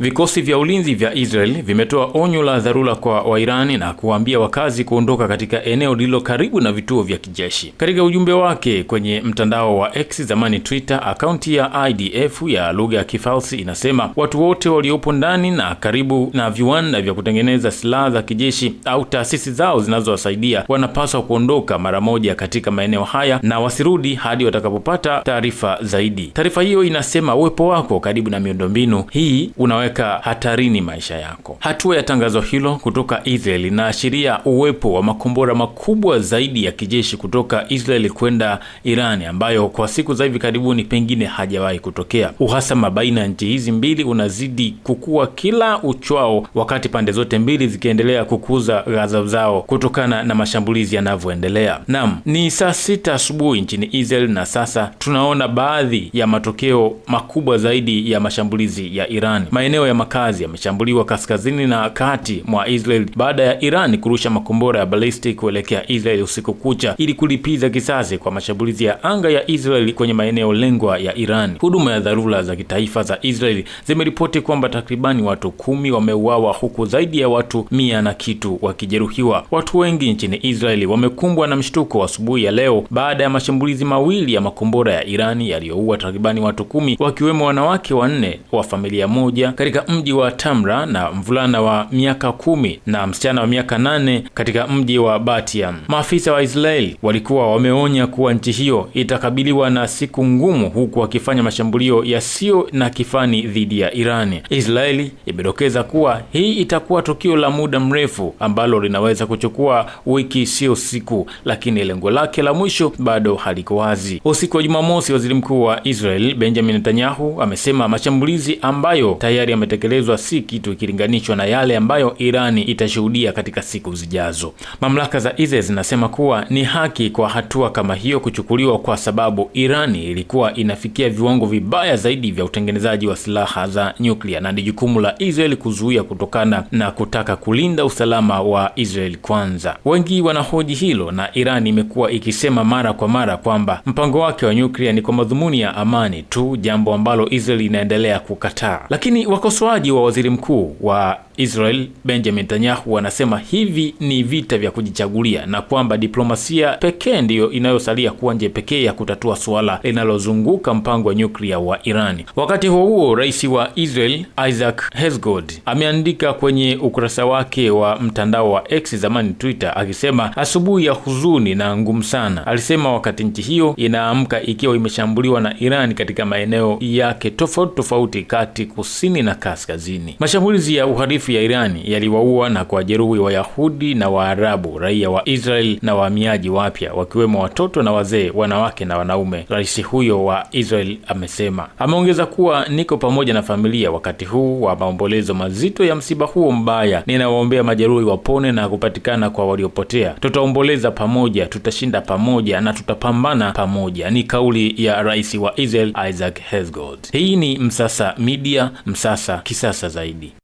Vikosi vya ulinzi vya Israel vimetoa onyo la dharura kwa Wairani na kuwaambia wakazi kuondoka katika eneo lililo karibu na vituo vya kijeshi. Katika ujumbe wake kwenye mtandao wa X, zamani Twitter, akaunti ya IDF ya lugha ya Kifalsi inasema watu wote waliopo ndani na karibu na viwanda vya kutengeneza silaha za kijeshi au taasisi zao zinazowasaidia wanapaswa kuondoka mara moja katika maeneo haya na wasirudi hadi watakapopata taarifa zaidi. Taarifa hiyo inasema uwepo wako karibu na miundombinu hii una unaweka hatarini maisha yako. Hatua ya tangazo hilo kutoka Israel inaashiria uwepo wa makombora makubwa zaidi ya kijeshi kutoka Israel kwenda Irani, ambayo kwa siku za hivi karibuni pengine hajawahi kutokea. Uhasama baina ya nchi hizi mbili unazidi kukua kila uchwao, wakati pande zote mbili zikiendelea kukuza ghadhabu zao kutokana na mashambulizi yanavyoendelea. Naam, ni saa sita asubuhi nchini Israel na sasa tunaona baadhi ya matokeo makubwa zaidi ya mashambulizi ya Irani maeneo ya makazi yameshambuliwa kaskazini na kati mwa Israel baada ya Iran kurusha makombora ya ballistic kuelekea Israel usiku kucha ili kulipiza kisasi kwa mashambulizi ya anga ya Israel kwenye maeneo lengwa ya Iran. Huduma ya dharura za kitaifa za Israel zimeripoti kwamba takribani watu kumi wameuawa huku zaidi ya watu mia na kitu wakijeruhiwa. Watu wengi nchini Israel wamekumbwa na mshtuko asubuhi ya leo baada ya mashambulizi mawili ya makombora ya Irani yaliyoua takribani watu kumi wakiwemo wanawake wanne wa familia moja katika mji wa Tamra na mvulana wa miaka kumi na msichana wa miaka nane katika mji wa Batiam. Maafisa wa Israeli walikuwa wameonya kuwa nchi hiyo itakabiliwa na siku ngumu, huku wakifanya mashambulio yasiyo na kifani dhidi ya Irani. Israeli imedokeza kuwa hii itakuwa tukio la muda mrefu ambalo linaweza kuchukua wiki, sio siku, lakini lengo lake la mwisho bado haliko wazi. Usiku wa Jumamosi, waziri mkuu wa Israel Benjamin Netanyahu amesema mashambulizi ambayo tayari yametekelezwa si kitu ikilinganishwa na yale ambayo Irani itashuhudia katika siku zijazo. Mamlaka za Israel zinasema kuwa ni haki kwa hatua kama hiyo kuchukuliwa kwa sababu Irani ilikuwa inafikia viwango vibaya zaidi vya utengenezaji wa silaha za nyuklia na ni jukumu la Israel kuzuia kutokana na kutaka kulinda usalama wa Israel kwanza. Wengi wanahoji hilo na Irani imekuwa ikisema mara kwa mara kwamba mpango wake wa nyuklia ni kwa madhumuni ya amani tu, jambo ambalo Israel inaendelea kukataa. Lakini wakosoaji wa waziri mkuu wa Israel Benjamin Netanyahu anasema hivi ni vita vya kujichagulia na kwamba diplomasia pekee ndiyo inayosalia kuwa nje pekee ya kutatua suala linalozunguka mpango wa nyuklia wa Irani. Wakati huo huo, rais wa Israel Isaac Herzog ameandika kwenye ukurasa wake wa mtandao wa X, zamani Twitter, akisema asubuhi ya huzuni na ngumu sana. Alisema wakati nchi hiyo inaamka ikiwa imeshambuliwa na Irani katika maeneo yake tofauti tofauti, kati, kusini na kaskazini. Mashambulizi ya uharifu maelfu ya Irani yaliwaua na kuwajeruhi Wayahudi na Waarabu, raia wa Israel na wahamiaji wapya, wakiwemo watoto na wazee, wanawake na wanaume, rais huyo wa Israel amesema. Ameongeza kuwa niko pamoja na familia wakati huu wa maombolezo mazito ya msiba huo mbaya. Ninawaombea majeruhi wapone na kupatikana kwa waliopotea. Tutaomboleza pamoja, tutashinda pamoja na tutapambana pamoja, ni kauli ya rais wa Israel Isaac Herzog. Hii ni Msasa Media, Msasa kisasa zaidi.